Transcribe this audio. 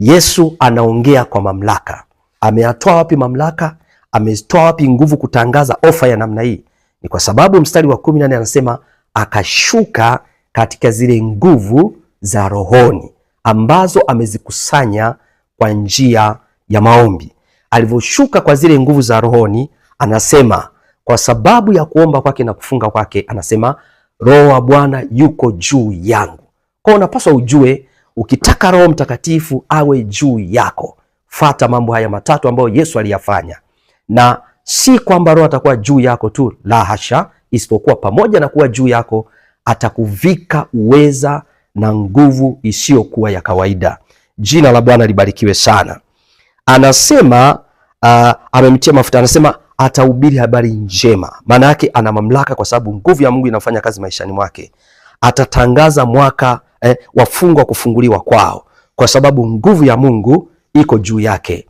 Yesu anaongea kwa mamlaka. Ameatoa wapi mamlaka? Ametoa wapi nguvu kutangaza ofa ya namna hii? Ni kwa sababu mstari wa kumi na anasema akashuka katika zile nguvu za rohoni ambazo amezikusanya kwa njia ya maombi. Alivyoshuka kwa zile nguvu za rohoni, anasema kwa sababu ya kuomba kwake na kufunga kwake, anasema Roho wa Bwana yuko juu yangu. Kwa unapaswa ujue Ukitaka Roho Mtakatifu awe juu yako, fata mambo haya matatu ambayo Yesu aliyafanya, na si kwamba Roho atakuwa juu yako tu, la hasha, isipokuwa pamoja na kuwa juu yako atakuvika uweza na nguvu isiyokuwa ya kawaida. Jina la Bwana libarikiwe sana. Anasema uh, amemtia mafuta, anasema atahubiri habari njema. Maana yake ana mamlaka, kwa sababu nguvu ya Mungu inafanya kazi maishani mwake. Atatangaza mwaka eh, wafungwa kufunguliwa kwao, kwa sababu nguvu ya Mungu iko juu yake.